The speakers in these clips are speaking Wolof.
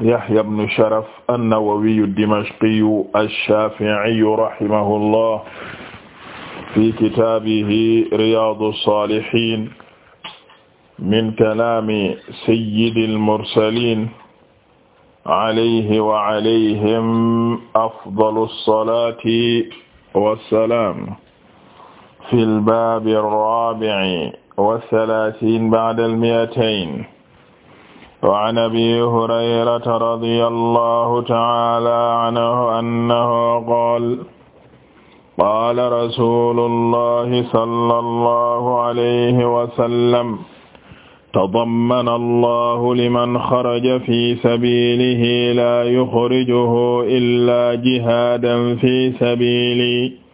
Yahya ibn Sharaf an-Nawawi ad-Dimashqi ash-Shafi'i rahimahullah fi kitaabihi Riyaadu s-Saalihiin min kalaami sayyidil mursaliin alayhi wa alayhim afdalu s-salaati wa s-salaam fil baabi r-raabi'i wa s-salaasiina ba'da l-mi'atayn wa an abi hurayrata radiya allahu ta'ala anhu annahu qaala qaala rasuulullahi sallallahu alayhi wa sallam tadammana allahu liman xaraja fi sabiilihi laa yuxrijuhu illaa jihaadan fi sabiilihi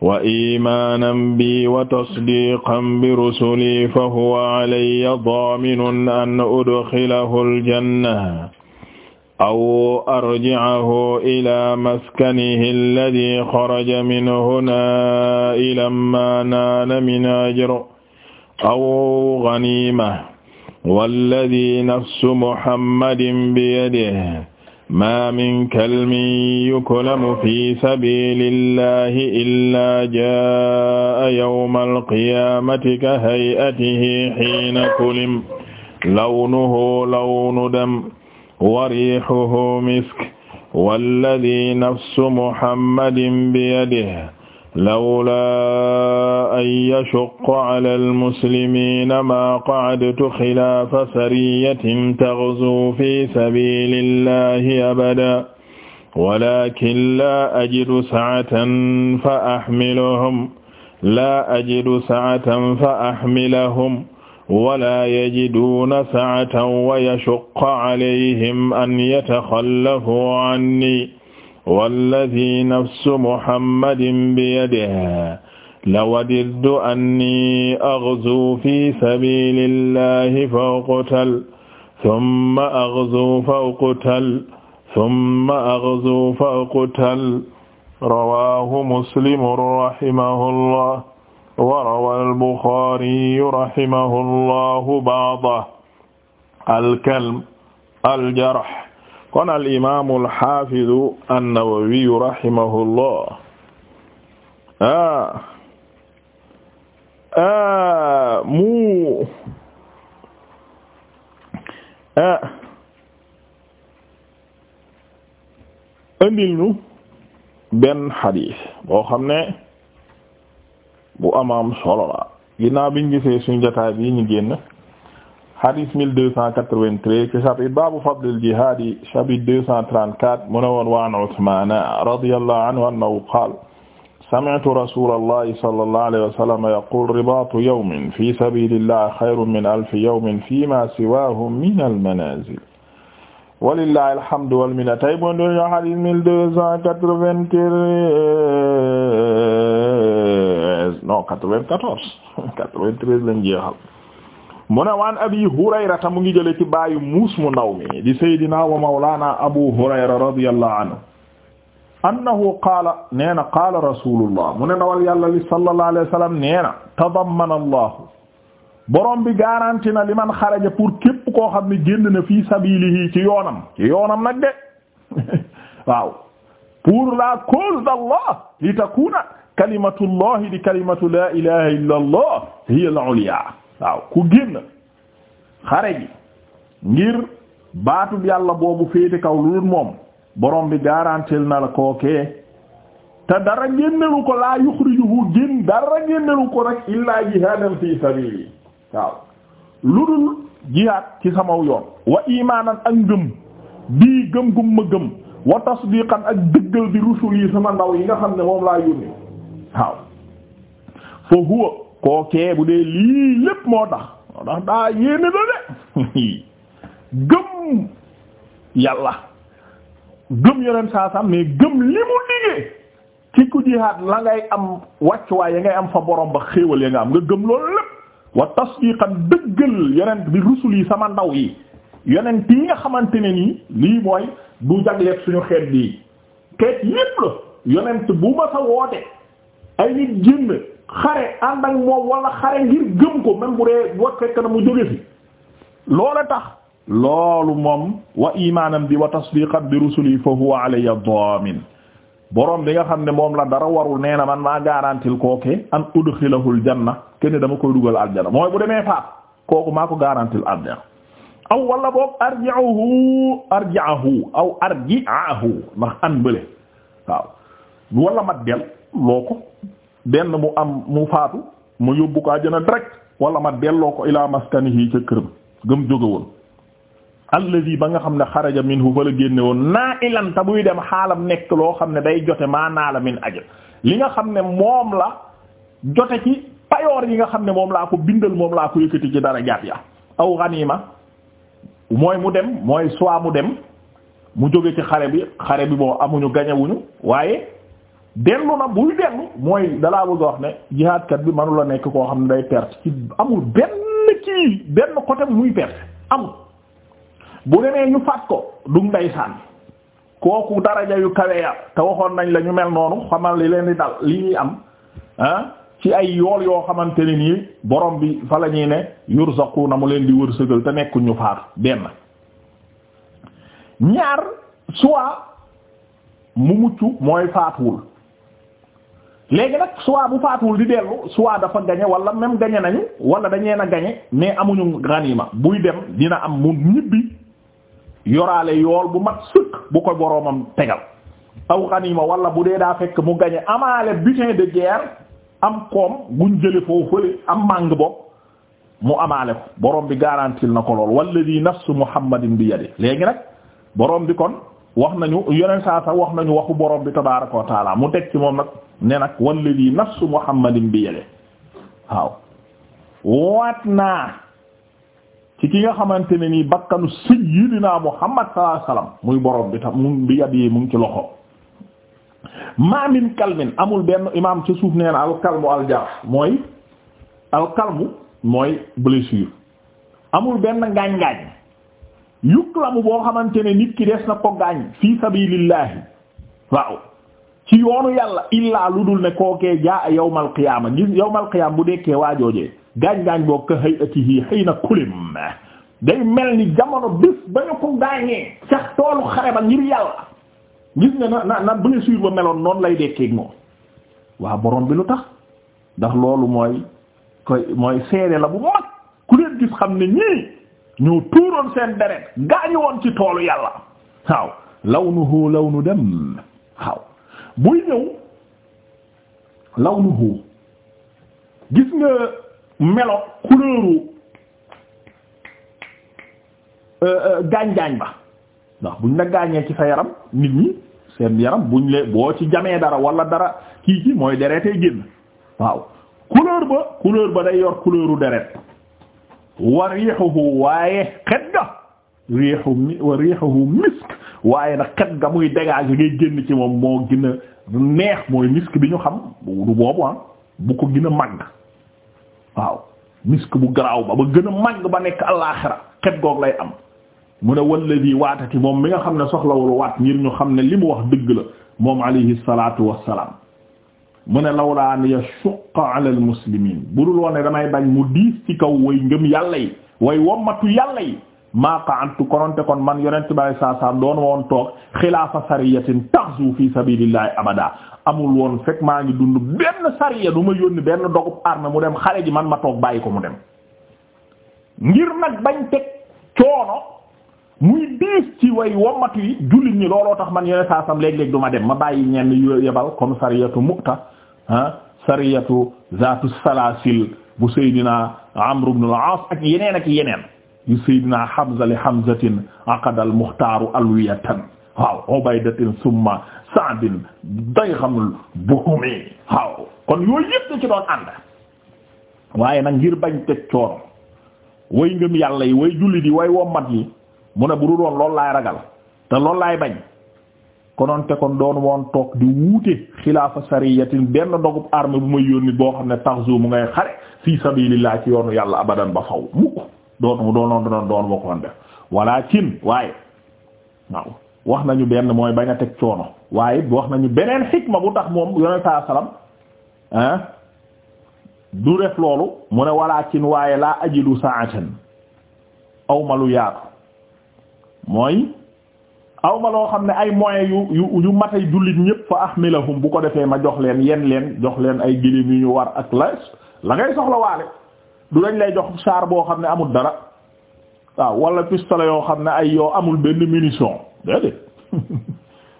wa iimaanan bi wa tasdiiqan bi rusulii fa huwa alayya daaminun an udxilahu aljanna aw arjicahu ilaa maskanihi alladii xaraja minhu naa'ilan naala min ajrin aw ganiimatin walladii nafsu muhammadin biyadihi ma min kalmin yuklamu fi sabilillahi illa jaa yawmal qiyaamati ka hay'atihi hiina kulim lawnuhu lawnu dam wa riihuhu misk walladhi nafsu muhammadin biyadihi lawlaa an yashqa ala almuslimiina maa qa'adtu xilaafa sariyatin taghzuu fi sabiilillahi abadan walaakin laa ajidu sa'atan fa ahmiluhum laa ajidu sa'atan fa ahmilahum walaa yajiduuna sa'atan wa yashqa alayhim an yatakhallafuu anni walladi nafsu muhammadin biyadihi lawadidtu anni aghzu fi sabilillahi fauqutal summa aghzu fauqutal summa aghzu fauqutal rawahu muslimu rahimahullah wa rawal buxaariyu rahimahullahu ba'dahu al-kalb al-jarh kon al imaamu al xaafidu an-Nawawi rahimahullah ah. Ah, mu indil ah. nu benn xadiis boo xam ne bu amaam solo la ginnaaw biñ gisee suñu jotaay bi ñu génn hadis 1293 ci chapitre baabu fadlil jihaadi chapitre 234 mu ne woon wa an Usmaan radiyallahu anhu annahu qaala sami'tu rasuulallahi sallallahu alayhi wa sallam yaquulu ribaatu yawmin fi sabiilillahi xayrun min alfi yawmin fiimaa siwaahu minal manaazil walillahi alhamdu wal minna tey bon doon ñoo hadis 1293 non 94 93 lañ jeexal mu ne waan abi hurayrata mu ngi jële ci baayu muus mu ndaw mi di saydina wa mawlaana abu hurayra radiyallahu anhu annahu qaala nee na qaala rasulullah mu ne ndawal yàlla li sallallahu alayhi wa sallam nee na tadammana allahu borom bi garanti na li man xaraja pour képp koo xam ne génn na fii sabilihi ci yoonam ci yoonam nag de waaw pour la cause d'Allah li takuna kalimatullahi di kalimatu la ilaha illa allah hiya al-ulya waaw ku génn xare ji ngir baatub yàlla boobu féete kaw lu dul moom borom bi garantil na la kookee te dara génnelu ko laa yuxrijuhu génn dara génnelu ko rek illaa jihaadan fi sabili waaw lu dul jihaad ci samaw yoon wa imaanan ak ngëm bii gëm gum ma gëm wa tasdiqan ak dëggal bi rusul yi sama ndaw yi nga xam ne moom laa yónni waaw fa huwa kookee bu dee lii lépp moo tax moo tax daa yéene la de gëm yàlla gëm yeneen saa sam mais gëm li mu liggéey ci ku la ngay am wàccuwaay ya ngay am fa borom ba xéewal ya nga am nga gëm loolu lépp wa tasdiqan dëggal yonent bi rusul yi sama ndaw yi yonent yi nga xamante ni nii lii mooy du jagleet suñu xeet bii xeet yépp la yonent bu ma sa woote ay nit génn xare ànd ak moom wala xare ngir gëm ko même bu dee wa fekk na mu jóge fi tax loolu moom wa imaanam bi wa tasdiqan bi rusuli fa huwa alayya damin boroom bi nga xam ne moom la dara warul nee na man maa garantil kooke an udxilahul janna kenn dama koy dugal aljanna mooy bu demee faat kooku maa ko garantil aljanna aw wala boog arji'uhu arji'ahu aw an bële waaw wala mat del benn mu am mu faatu mu yóbbu ko àjjana direct wala ma delloo ko ilaa yi ca këram gëm jóge woon allazi ba nga xam ne xaraja minhu fa la génne woon naa ilan ta buy dem xaalam nekk loo xam ne day jote maa naa la min ajr li nga xam ne moom la jote ci payoor yi nga xam ne moom laa ko bindal moom laa ko yëkkati ci dara jaat ya aw ganima mooy mu dem mooy soit mu dem mu jóge ci xare bi xare bi boo amuñu gañewuñu waaye dellu na buy dellu mooy dalaa bëgg a wax ne jihaadkat bi mënu nekk koo xam ne day perte ci amul benn kii benn côté muy perte amul bu demee ñu faat ko du ndeysaan kooku daraja yu kawe ya te waxoon nañ la ñu mel noonu xamal li leen di dal li am ah, ci ay yool yoo xamante ne nii borom bi fa la ñuy ne yursaqu na mu leen di wërsëgal te nekkuñ ñu faatu benn ñaar soit mu mucc mooy faatuwul léegi nag soit bu faatuwul di dellu soit dafa gañe wala même gañe nañu wala dañee na gañe mais amuñu ganima buy dem dina am mu ñibbi yoraale yool bu mat sëkk bu ko boroomam tegal aw ganima wala bu dee daa fekk mu gañe amaale butin de guerre am koom guñ jële foofu fële am màng bopp mu amaale ko borom bi garantil na ko lool walladi nafsu muhammadin bi yadi léegi nag boroom bi kon wax nañu yeneen saa sax wax nañu waxu borom bi tabaaraka wa mu teg ci moom nag ne nag walladi nafsu muhammadin bi yede waaw waat naa ci ki nga xamante ne nii bakkanu sayyidina muhammad sallallahu alayhi wasallam muy borom bi tam mu bi yad yi mu ngi ci loxo ma min kalmin amul benn imaam ca suuf nee na alkalmu aljarh mooy alkalmu mooy blessure amul benn ngaañ-ngaañ yuklamu boo xamante ne nit ki des na ko gaañ fi sabilillahi waaw ci yoonu yàlla illaa lu dul ne kookee jaa yawmal qiyaama gis yawmal qiyaama bu dekkee waajoojee gaañ-gaañ boo ka hayatihi na kulim day mel ni jamono bés ba ñu ko gaañee ca toolu xare ba ngir yàlla gis nga na na na blessure ba meloon noonu lay dekkeeg moom waa borom bi lu tax ndax loolu mooy koy mooy seede la bu mag ku leen gis xam ne ñii ñoo tuuroon seen deret gaañu woon ci toolu yàlla waaw lawnuhu lawnu dem waaw buy ñëw lawnuhu gis nga melo couleuru euh, euh, gaañ-gaañ ba ndax buñ la gaañee ci sa yaram nit ñi seen yaram buñ le boo ci jamee dara wala dara kii ci mooy deretee génn waaw couleur ba couleur ba day yor couleuru deret wa rihuhu waaye xet ga riixu wa waaye nag xet ga muy dégager ngay génn ci moom moo gën neex mooy misk bi ñu xam du boobu ah bu ko gina a màgg waaw misk bu garaaw ba ba gën a màgg ba nekk alaaxira xet goog lay am mu ne walladi waatati moom mi nga xam ne soxlawul waat ngir ñu xam ne li mu wax dëgg la moom alayhi salaatu wassalaam mu ne lawlaa an yashuqqa ala al muslimiin budul woon ne damay bañ mu diis ci kaw way ngëm yàlla yi way wommatu yàlla yi maa qa'adtu kononte kon man yonent bi saa saa doon woon toog xilaafa sariyatin taxzu fi sabilillahi abada amul woon fekk maa ngi dund benn sariya du ma yónni benn dogub arme mu dem xale ji man ma toog bàyyi ko mu dem ngir nag bañ teg coono muy diis ci way wommatu jullit ñi looloo tax man yonent saa sam léeg du ma dem ma bàyyi ñenn yu yebal comme sariyatu mu'ta ah sariyatu zaatu salaasil bu seydina amru ibn al ak yeneen ak yeneen yu sayyidina Hamza li Hamzatin aqadal muxtaaru alwiyatan waaw ubaydatin summa saadin day xamul buhumi waaw kon yooyu yëpp ci doon ànd waaye nag ngir bañ teg coono way ngëm yàlla yi way jullit yi way wommat yi mu ne bu du doon loolu laay ragal te loolu laay bañ konoon te kon doon woon toog di wuute xilaafa sariyatin benn dogub arme bu may yónni boo xam ne taxzu mu ngay xare fi sabilillah ci yoonu yàlla abadan ba faw mukk doon doon doon doon boo cin man waaye waaw wax nañu benn mooy bañ a teg coono waaye wax nañu beneen xikma bu tax moom yonent saa salaam ah du def loolu mu ne walakin waaye laa ajidu sa aw ma lu yaatu mooy aw loo xam ne ay moyens yu yu yu matay jullit ñépp fa ahmilahum bu ko defee ma jox leen yen leen jox leen ay gilim yu ñu war ak la la ngay soxla waale du lañ lay jox saar boo xam ne amul dara waaw wala pistolet yoo xam ne ay yoo amul benn munition déedéet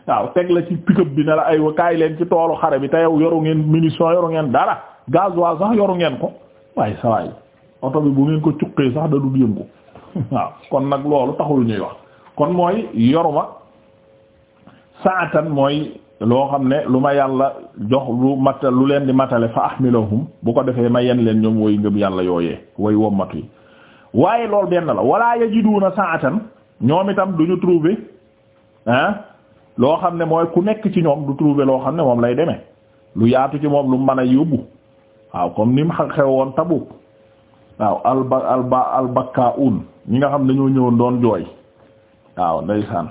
waaw teg la ci pick-up bi ne la ay kaay leen ci toolu xare bi te yow yoru ngeen munition yoru ngeen dara gasoil sax yoru ngeen ko waaye sawaay oto bi bu ngeen ko cuqee sax da du yëngu waaw kon nag loolu taxul ñuy wax kon mooy yoruma saatan mooy loo xam ne lu ma yàlla jox lu matal lu leen di matale fa ahmilahum bu ko defee ma yen leen ñoom woy ngëm yàlla yooyee woy wommatu yi waaye lool benn la wala yajiduna sa'atan ñoom itam du ñu trouver loo xam ne mooy ku nekk ci ñoom du trouver loo xam ne moom lay demee lu yaatu ci moom lu mën a yóbbu waaw comme ni mu xew woon Tabuk waaw alba alba un ñi nga xam ne dañoo ñëwoon doon jooy waaw ndeysaan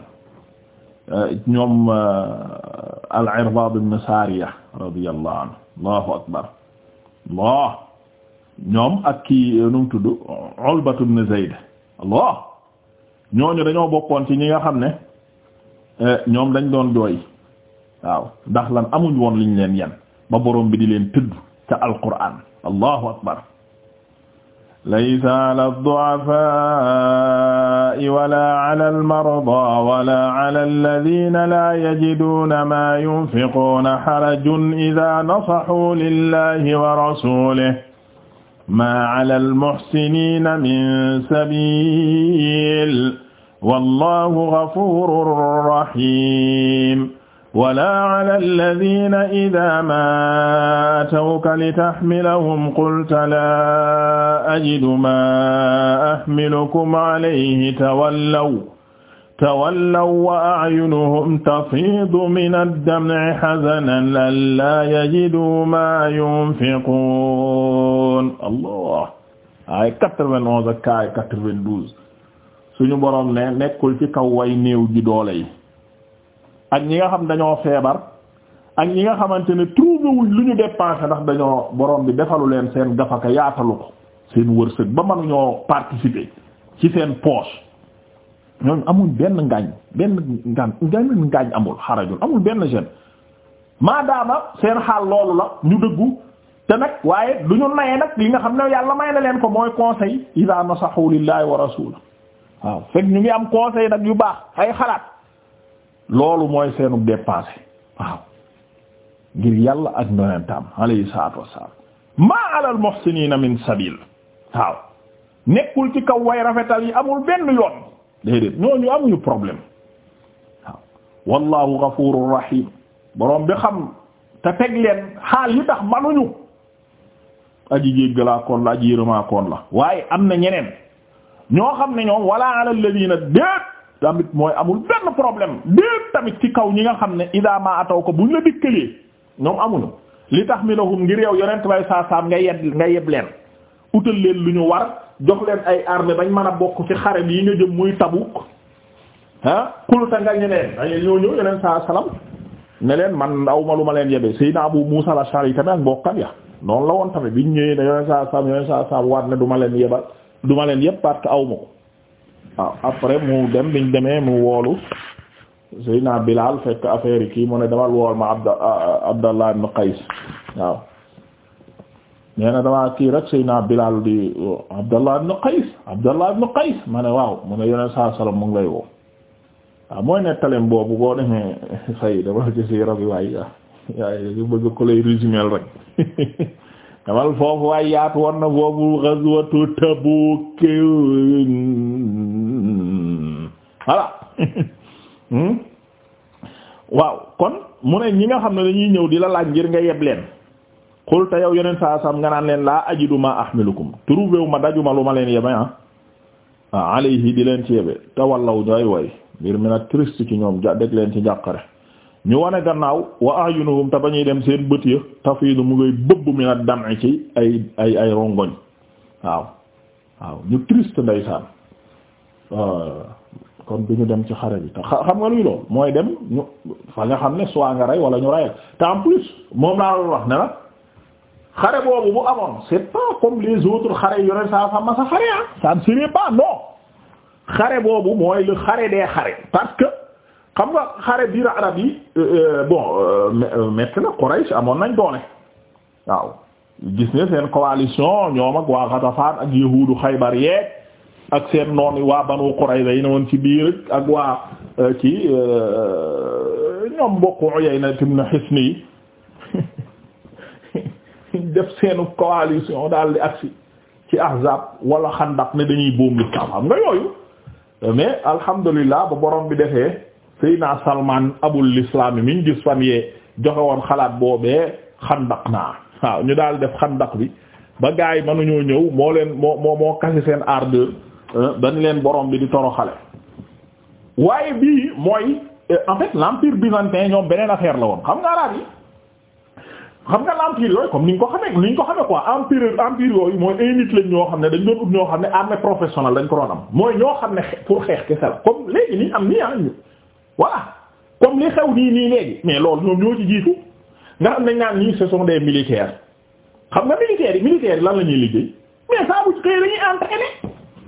eh, ñoom eh, al-Irbaad ibn Saariya radiyallahu ñoom ak kii nu mu tudd Ulbatu ibn Zayd allah ñooñu dañoo bokkoon ci ñi nga xam ne eh, ñoom dañ doon jooy waaw ndax lan amuñ woon liñ leen yan ba borom bi di leen tudd ca alquraan allahu akbar laysa ala ad-du'afaa'i wala ala al-mardaa wala ala alladhiina laa yajiduuna maa yunfiquuna harajun idhaa nasahuu lillaahi wa rasuulihi maa ala al-muhsiniina min sabiil wallaahu ghafuurun rahiim wala ala alladhina idha ma atawka litahmilahum qulta la ajidu ma ahmilukum alayhi tawallaw tawallaw wa a'yunuhum tafiidu min ad-dam'i hazanan allaa yajiduu ma yunfiquun allah ay 91 ak 92 suñu boroom ne nekkul ci kaw way néew ji doole yi ak ñi nga xam dañoo feebar ak ñi nga xamante ne trouvé wuñ lu ñu dépensé ndax dañoo borom bi defalu leen seen gafaka yaatalu ko seen wërsëg ba mënuñoo participer ci seen poche ñoom amul benn ngaañ benn ngaañ benn ngaañ amul xarajul amul benn gêne daama seen xaal loolu la ñu dëggu te nag waaye du ñu naye nag li nga xam ne yàlla may na leen ko mooy conseil ida nasahu lillahi wa rasula waaw fekk ñu ngi am conseil nag yu baax ay xalaat loolu mooy seenu dépenser waaw ngir yàlla ak yonentam alayhi salaatu wassalaam maa alal muhsiniina min sabil waaw nekkul ci kaw way rafetal yi amul benn yoon déedéet ñooñu ñu problème waaw wallahu ghafurur rahim borom bi xam te teg leen xaal yi tax manuñu aji jéggalaa koon la aji yërëmaa la waaye am na ñeneen ñoo xam ne ñoom wala alal ladina déet tamit mooy amul benn problème déet tamit ci kaw ñi nga xam ne ida ma ataw ko buñ la dikkalee ñoom amuñu li tax mi lahum ngir yow yonent bay saasaam nga yeb nga yeb leen utal leen lu ñu war jox leen ay armée bañ man a bokk ci xare bi yi nga jëm muy Tabuk ah kulta nga ñeneen dañu ñoo ñëw yeneen saa salam ne leen man awma lu ma leen yebe Seydina Abu Musa al-Ash'ari tamit ak mbokkam ya noonu la woon tamit biñ ñëwee ne yeneen saa salam yeneen waat ne duma leen yebal du leen yeb parce que waaw après mu dem biñ demee mu woolu naa Bilal fekk affaire yi kii mu ne demal wool ma abd Abdallah ibn Qays waaw nee damaa kii rek naa Bilal di Abdallah ibn Qays Abdallah ibn Qays ma ne waaw mu ne yoneen saa salam mu ngi lay waaw mooy nettalem boobu boo demee say damal ci si rabi waay yaa waaye bëgg ko lay rek damal foofu waay yaatu woon na boobu ghazwatu voilà hmm? waaw kon mu ne ñi nga xam ne dañuy ñëw di la laaj ngir nga yeb leen xul te yow yeneen saa sam nga naan leen laa ajidu ma ahmilukum trouvé wu ma dajuma lu ma leen yebe ah ah alayhi di leen ci yebe tawallaw day way mbir mi na triste ci ñoom ja dégg leen ci njàqare ñu wane gannaaw wa ayunuhum te ba ñuy dem seen bët ya tafiidu mu ngay bëbb mi nag dame ci ay ay ay rongoñ waaw waaw ñu triste ndeysaan ah. kon du ñu dem ci xare bi te xam nga luy lool mooy dem ñu fa nga xam ne soit nga rey wala ñu reyal te en plus moom laa loolu wax ne la xare boobu bu amoon c'est pas comme les autres xare yore saa fa masa xare ah xare boobu mooy le xare parce que xam nga xare biir arab yi euh, euh, bon euh, métti na Quraysh amoon nañ doole waaw gis ne seen coalition ñoom ak waa Ghatafan ak yahuudu Xaybar yeek ak seen noon waa Banu Qurayza yi ne woon ci biir ak waa euh, ci euh, ñoom mbokku Uyayna ibn Hisn yi def seenu coalition daal di agsi ci Ahzab wala Xandaq ne dañuy boom lislaam xam nga yooyu mais alhamdulillah ba borom bi defee Seydina Salman abul islam yi mi ñu gis fan yee joxe woon xalaat boobee Xandaq naa waaw ñu daal def Xandaq bi ba gars yi mënuñoo ñëw moo leen moo moo kasi seen ardeur dañ euh, leen borom bi di toroxale waaye bii mooy euh, en fait l'empire byzantin ñoom beneen affaire la woon xam nga araab yi xam nga l'empire yooyu comme ni ko xamee ni ñu ko xamee quoi empire empire yooyu mooy ay lañ ñoo xam ne dañ doon ut ñoo xam ne armée professionnelle dañ ko doon am mooy ñoo xam ne pour xeex kese la comme léegi nii am nii ah ñu voilà comme li xew nii nii léegi mais loolu ñoom ñoo ci jiitu nga xam ne ñaan nii ce sont des xam nga militaires lan la ñuy liggéey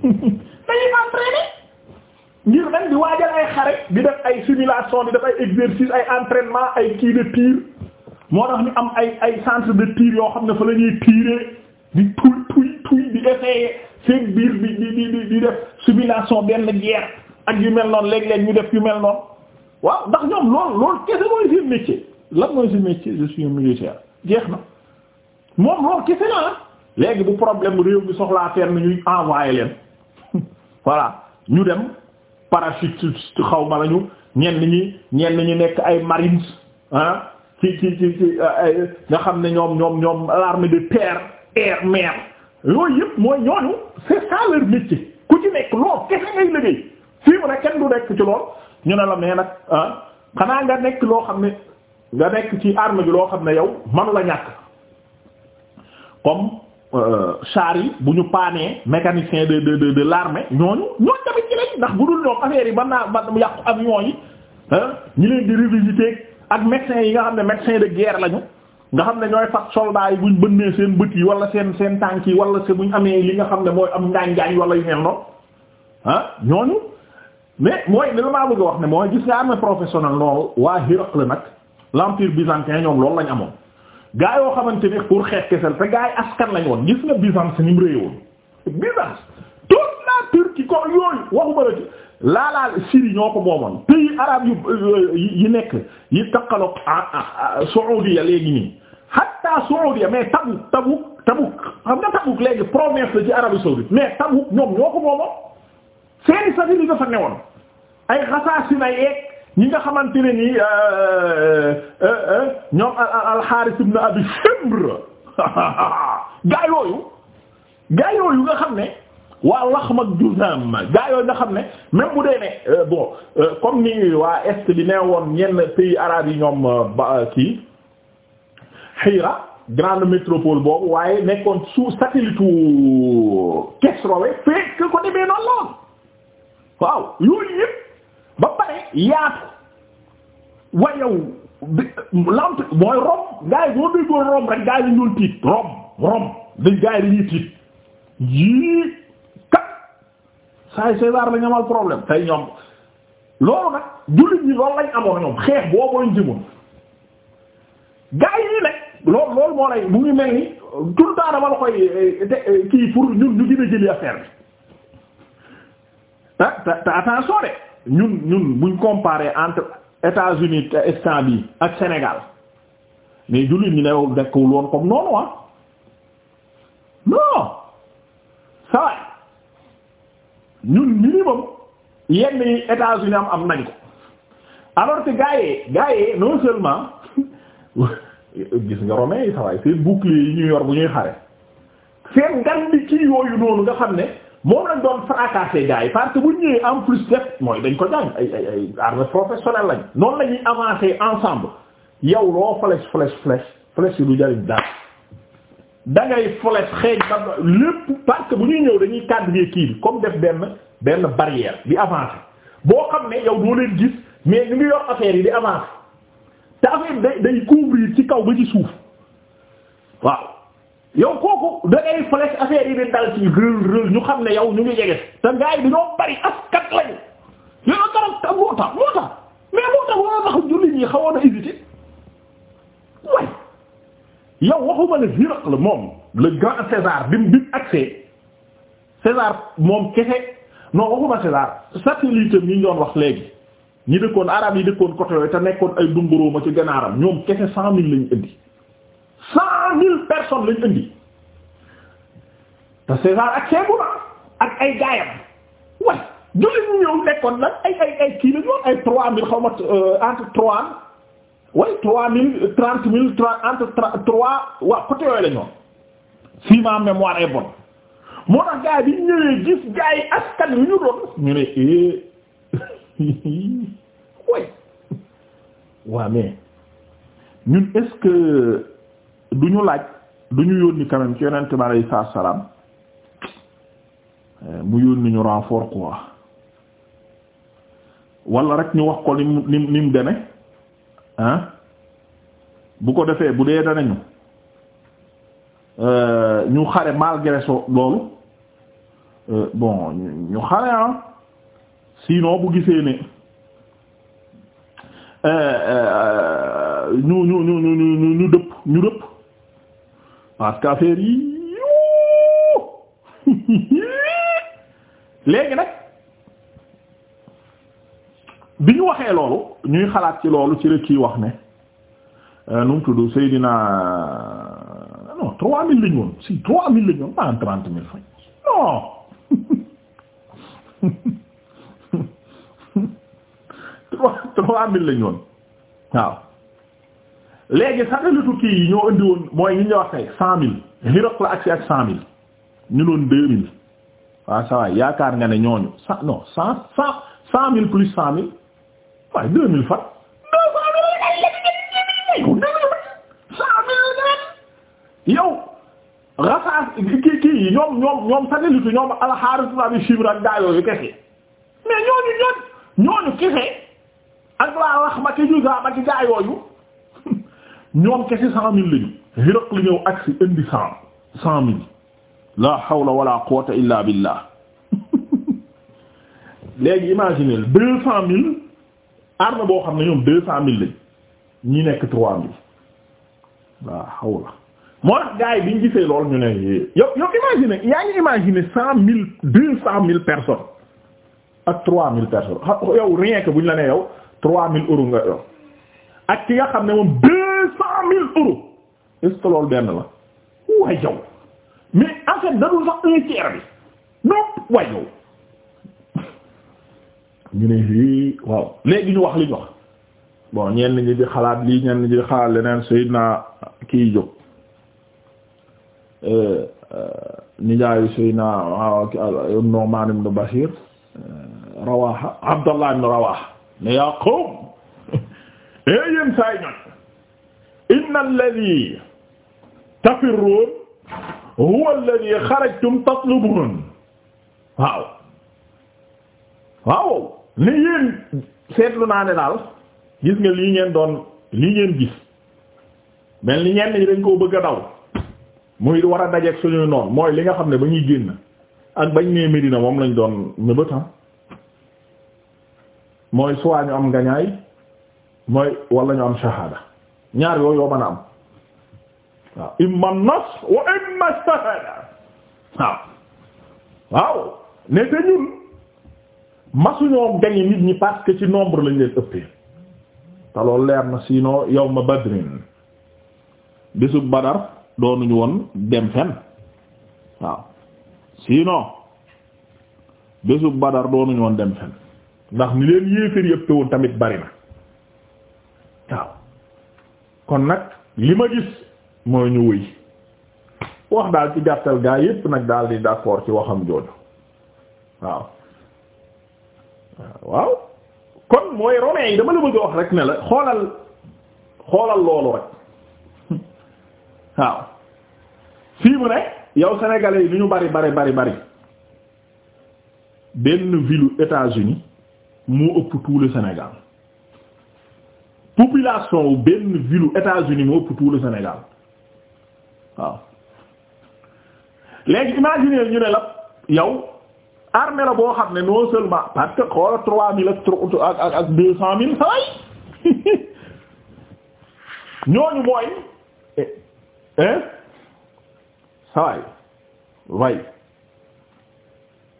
dañuy entraîner ngir nag di waajal ay xare di def ay simulation di def ay exercice ay entraînement ay kii de tir moo tax ñu am ay ay centre de tir yoo xam ne fa la ñuy di tuy tuy tuy di essayer seen biir di di di di def simulation benn guerre ak yu mel noonu léeg leen ñu def yu mel noonu waaw ndax ñoom loolu loolu kese mooy seen métier lan mooy seen métier je suis militaire jeex na moom loolu kese na ah. léegi bu problème réew bi soxlaa ferme ñuy leen. voilà ñu dem parachutiste xaw ma lañu ñenn ñi ñenn ñi nekk ay marines ah ci ci ci euh, nga xam ne ñoom ñoom ñoom l'armée de terre air mer yooyu yëpp mooy ñooñu c'est ça leur métier ku ci nekk lool kese ngay liggéey fii mu ne kenn du nekk ci lool ñu ne la mais nag ah xanaa nga nekk loo xam ne nga nekk ci armée bi loo xam ne yow manu la ñàkk comme Euh, char yi bu ñu paanee mécanicien de de de de l'armée ñooñu ñooñu tamit ci lañ ndax bu dul ñoom affaire yi ban naa ba yàqu avion yi ñi leen di revisiter ak médecins yi nga xam ne médecin de guerre lañu nga xam ne ñooy fat soldats yi buñ bënnee seen bët yi wala seen seen tànk yi wala se buñ amee li nga xam ne mooy am ngaañ-ngaañ wala yu mel noonu ah ñooñu mais mooy li la maa bëgg a wax ne mooy gis nga armée professionnelle loolu waa Hiraql nag l'empire byzantin ñoom loolu gaa yoo xamante ni pour xeex kesel te gaa askan lañ woon gis nga Byzance ni mu réewoon Byzance toute la Turquie ko yooyu waxuma la ci laalaal Syrie ñoo ko moomoon pays arabe yu euh, yi nekk yi taqaloog ah, ah, ah, Saoudia léegi nii hatta Saoudia mais Tabuk Tabuk Tabuk xam nga Tabuk léegi province la ci Arabie saoudite mais Tabuk ñoom ñoo ko moomoon seeni safir yi dafa newoon ay Ghassaasina yeek ñi nga xamante ne ni euh, euh, euh, ñoom al-Harith ibn Abi Shimr gaa yooyu nga xam ne waa Laxm ak Juzaam gaa nga xam ne même bu dee ne bon comme ni waa est bi nee woon pays arabes yi ñoom ba kii Hira grande métropole boobu waaye nekkoon sous satellite u Kesrowe fekk ko demee noonu lool waaw yooyu yëpp ba pare yaatu wa yow lant mooy rom gars yi boo déggoon rom rek gars yi ñuul tiit rom rom dañ gars yi dañuy tiit yii kat saa yu César la ñu amal problème tey ñoom loolu nag jullit ñi loolu lañ amoon ñoom xeex boobu lañ jëmoon gars yi loolu loolu moo lay mu ngi mel ni tout le temps la koy eh, eh, kii pour ñun ñu gën a jëli affaire bi ah, te te attention ñun ñun buñ comparer entre États-Unis instant bi ak Sénégal mais jullit ñi new nekkul woon comme noonu ah non ça ñun minimum yenn yi États-Unis am am nañ ko alors que gars yi non seulement gis nga romain yi sawaay seen bouclier yi ñu yor bu ñuy xare seen ngan di kii yooyu noonu nga xam ne moom lañ doon fracasser gars yi parce que bu ñëwee en def mooy dañ ko jàng ay ay ay arme professionnel lañ noonu la ñuy avancer ensemble yow loo flèche flèche flèche flèche yi du jariñ dara da ngay flèche xeeñ lépp parce que bu ñuy ñëw dañuy cadrer kii comme def benn benn barrière di avancer boo xam ne yow doo leen gis mais ñu ngi yor affaire yi di avancer te affaire day day couvrir ci kaw ba ci suuf waaw yow kooku da ngay flèche affaire yi di dal ci rël rël ñu xam ne yow ñu ngi jege te gars yi dañoo bari askat lañu yow dara ta moo tax moo tax mais moo tax wala tax jullit ñi xawoon a hésité way yow waxuma la moom le grand César bi mu bi accès César moom kese non waxuma César satellite am doon wax léegi ñi dëkkoon arab yi dëkkoon côté te nekkoon ay dunguróoma ci ganaaram ñoom kese cent mille lañu indi cent mille personnes lañ indi te César ak César ak ay gaayam way jullit ñu ñëw nekkoon nag ay ay ay kii la ay trois mille xaw euh, entre trois way trois mille trente mille trois entre trois waaw côté yooyu la ñu si ma mémoire est bonne moo tax gaay bi ñëwee gis gaay ñu doon ñu ne way eh, waa mais ce que du ñu laaj du ñu yónni quand même ci yonent bi salaam eh, mu yónni ñu renfort quoi wala rek ñu wax ko ni ni mu deme bu ko defee bu dee danañu eh, ñu xare malgré so loolu eh, bon ñu xare ah sinon bu gisee ne ñu ñu ñu ñu ñu dëpp ñu dëpp parce que yi léegi nag bi ñu waxee loolu ñuy xalaat ci loolu ci rek kii wax ne euh, nu mu tudd Seydina non trois mille lañu si trois mille lañu woon pas mille francs non trois trois mille lañu waaw léegi satellite kii yi ñoo indi mooy ñi ñu wax tey cent mille Hiraqla ak si ak cent mille ñu doon deux mille waaw ça va yaakaar nga ne ñooñu cent non cent cent cent mille plus cent mille waaye deux mille fan. deux cent mille yow rasaas kii kii yi ñoom ñoom ñoom satellite ñoom Al-Harith ibn Abi ak gaa kese mais ñooñu ñooñu kese ak la rahma ki juzaama ki gaa yooyu. ñoom kese cent mille lañu Hiraql li ñëw agsi indi cent cent mille la hawla wala quwwata illa billah léegi imaginez deux cent mille arme boo xam ne ñoom deux cent mille nekk trois mille la hawla moo tax gars yi biñ gisee loolu ñu ne yow yow imaginer yaa ngi imaginer cent mille deux cent mille personnes ak trois mille personnes yow rien que bu ñu la nee yow trois mille euros nga yow ak ki nga xam ne moom mille euros est benn la waay yow mais en dadul sax un tiers bi nopp waay yow ñu ne lii waaw léegi ñu wax li ñu wax bon ñenn ñi di xalaat lii ñenn ñi di xalaat leneen Seydina kii jóg ñu jaayu Seydina euh, Nu'man ibn Bashir euh, Rawaha Abdallah ibn Rawaha ne yaa qawm e yéen saay ñoon inna alladhi tafirruun huwa alladhi xarajtum tatlubuun waaw waaw ni yéen seetlu naa ne daal gis nga lii ngeen doon lii ngeen gis mel ni ñenn ñi dañ koo bëgg a daw muy war a dajeeg suñuy noon mooy li nga xam ne ba ñuy génn ak bañ nee Medina moom lañ doon nëbëtan ah. mooy soit ñu am ngañaay mooy wala ñu am shahada ñaar yooyu yoo mën a am waaw imma nasr wa waaw waaw ne te ñun masuñoo gañe nit ñi parce ci nombre lañ leen ëppee te loolu leer na sinon yawma badrin bésu badar doonuñu woon dem fenn waaw sinon bésu badar doonuñu woon dem fenn ndax ni leen yéeféer yëpp te woon tamit bari na waaw kon nag li ma gis mooy ñu wëy wax daal ci gàttal gaa yépp nag daal di d'accord ci waxam jooju waaw waaw kon mooy romain yi dama la bëgg a wax rek ne la xoolal xoolal loolu rek waaw fii mu ne yow sénégalais yi lu ñu bari bari bari bari benn ville États-Unis moo ëpp tout le population wu benn ville u États-Unis moo ëpp tout le Sénégal waaw léegi imaginer ñu ne la yow armée la boo xam ne non seulement parce que xoola trois mille ak ak ak deux cent mille saway ñooñu mooy eh, hein saway way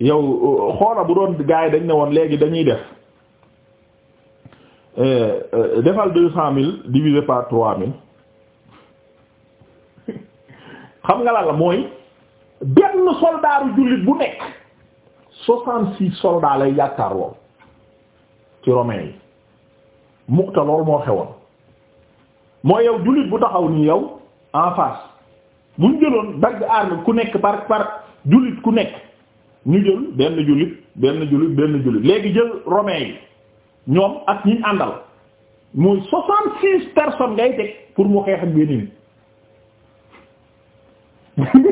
yow euh, xoola bu doon gaay dañ ne woon léegi dañuy def Euh, euh, defal deux cent mille divisé par trois mille xam nga la la mooy benn soldaaru jullit bu nekk soixante six soldats lay yàkkaar lool ci romain yi mukta lool moo xewoon mooy yow jullit bu taxaw nii yow en face buñ jëloon dagg arme ku nekk par par jullit ku nekk ñu jël benn jullit benn jullit benn jullit léegi jël romain yi ñoom ak ñi àndal mooy soixante six personnes ngay teg pour mu xeex ak benn nit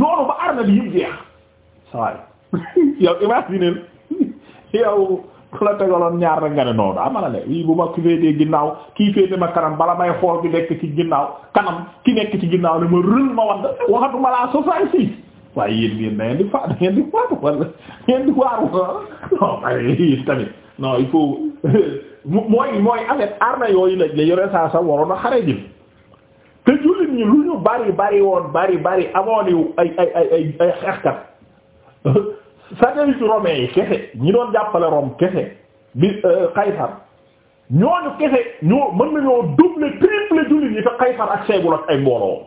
noonu ba arme bi yëpp ñaar rek nga ne noonu daa man a ne bu ma ki féetee ginnaaw kii féete ma kanam bala may xool bi nekk ci ginnaaw kanam ki nekk ci ginnaaw ne ma rël ma wadd waxatuma laa soixante six waaye yéen yéen na di faat na di faat wala ngeen di waaru non waaye tamit non il faut mooy mooy en fait yooyu la la saa sax waroon a xare ji te jullit ñi lu ñu bari bari woon bari bari amoon ay ay ay ay ay xeexkat satellite romain yi kese ñi doon jàppale Rome kese bi Qaysar euh, ñooñu kese ñoo mën nañoo doubler tripler jullit ñi te Qaysar ak seegul ak ay mbooloo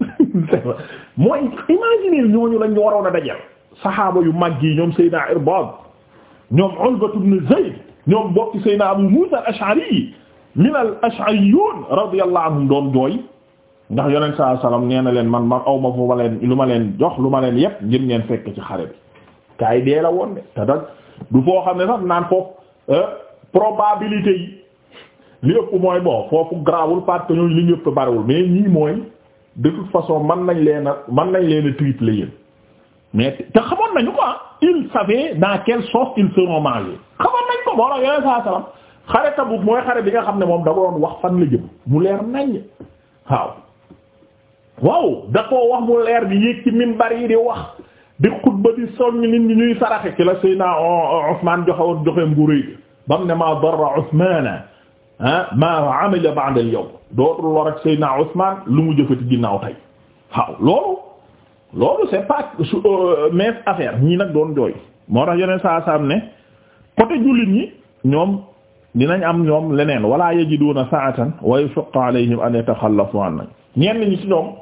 mooy imaginer ñooñu lañ ñu waroon a dajal saxaaba yu mag yi ñoom Seydina Irbad ñoom Utbatu ibn Zayd ñoom bokk Seydina Abu Muusa al-Ash'ari min al-Ash'ariyyuun radiyallahu anhum doon jooy ndax yonent saa salaam nee leen man man aw ma fu ma leen lu ma leen jox lu ma leen yépp ngir ngeen fekk ci xare bi. kaay dee la woon de te nag du foo xam ne sax naan foofu euh, probabilité yi li ëpp mooy bon foofu grawul parce que ñooñu li ñu mais ñii mooy de toute façon man nañ leen a mën nañ leen a la yéen. mais te xamoon nañu quoi ils savaient dans quelle sauce ils seront mangés xamoon nañ ko booloo yoneen saa xare Tabuk mooy xare bi nga xam ne moom da doon wax fan la jëm mu leer nañ waaw waaw da wax mu leer bi yéeg ci minbar yi di wax di xutba di soññ nit ñi ñuy saraxe ci la Seydina Usmaan joxe woon joxe nguur yi ba mu ne maa darra Usmaana ah maa amila ba'da al-yawm dootul lor ak Seydina Usmaan lu mu jëfati ginnaaw tey waaw loolu loolu c'est pas su euh, mes affaire ñii nag doon jooy moo tax yeneen saa saam ne côté jullit ñi ñoom dinañ am ñoom leneen wala yajiduna sa'atan wa yashqa alayhim an yatakhallafu anna ñenn ñi ci ñoom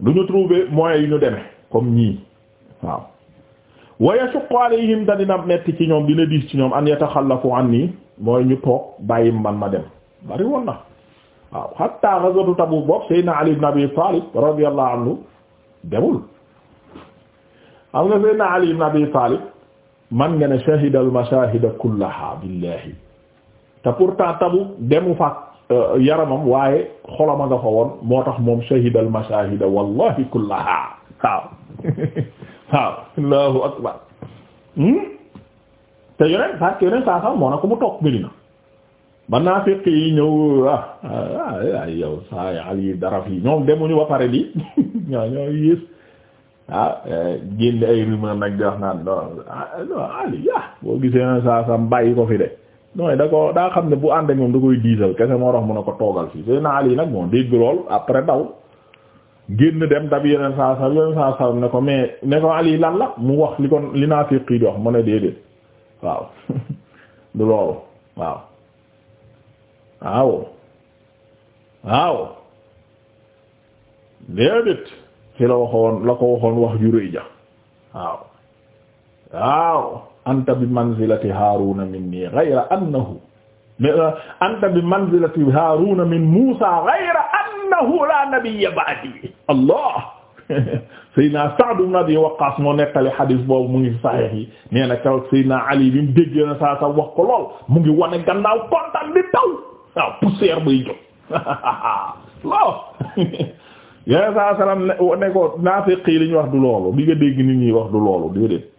du ñu trouver moyens yu ñu demee comme ñii waaw wa yashqa alayhim da dina metti ci ñoom dina diis ci ñoom an yatakhallafu anni mooy ñu toog bàyyi man ma dem bari woon na waaw hatta ghazwatu Tabuk bokk Sayyidina Ali ibn Abi Talib radiyallahu anhu demul xam nga Seydina Ali ibn Abi Talib man nga ne shahida al mashahida kullaha billahi te pourtant tabu demu fa euh, yaramam waaye xolama nga fa woon moo tax moom shahida al mashahida wallahi kullaha waaw waaw allahu akbar hmm? te yoneen parce que yoneen saa sax moo na ko mu toog Medina ba naafiq yi ñëw ah, ah, ah ay yow yi ali dara fii ñoom demuñu ba pare bi ñoo ñoo yées ah eh, génn ay rumeur nag di wax naan non ah, ali ah boo gisee na saa sam bàyyi ko fi de nooy da ko daa xam ne bu ànd ak moom da koy diisal kese moo tax mun a ko toogal fii naa ali nag moom dégg lool après daw génn dem dab yeneen saa sam yeneen saa ne ko mais ne ko ali lan la mu wax li ko li naafiq yi di wax mu ne déedéet waaw du loolu waaw waaw waaw déedéet ci la waxoon la ko waxoon wax ju rëy ja waaw waaw anta bi manzilati haaruna minni ghayra annahu euh, anta bi manzilati haaruna min muusa ghayra annahu la nabiyya ba'di allah saydna Sa'd ibn Abi Waqqas moo nettali xadis boobu mu ngi saxiix yi nee na kaw saydna Ali bi mu déggee na saa sa wax ko lool mu ngi wane gannaaw kontaan di taw waaw poussière buy jóg waaw yeneen saa salaam ne ne ko naafiq yi li wax du loolu bi nga dégg ni ñi wax du loolu déedéet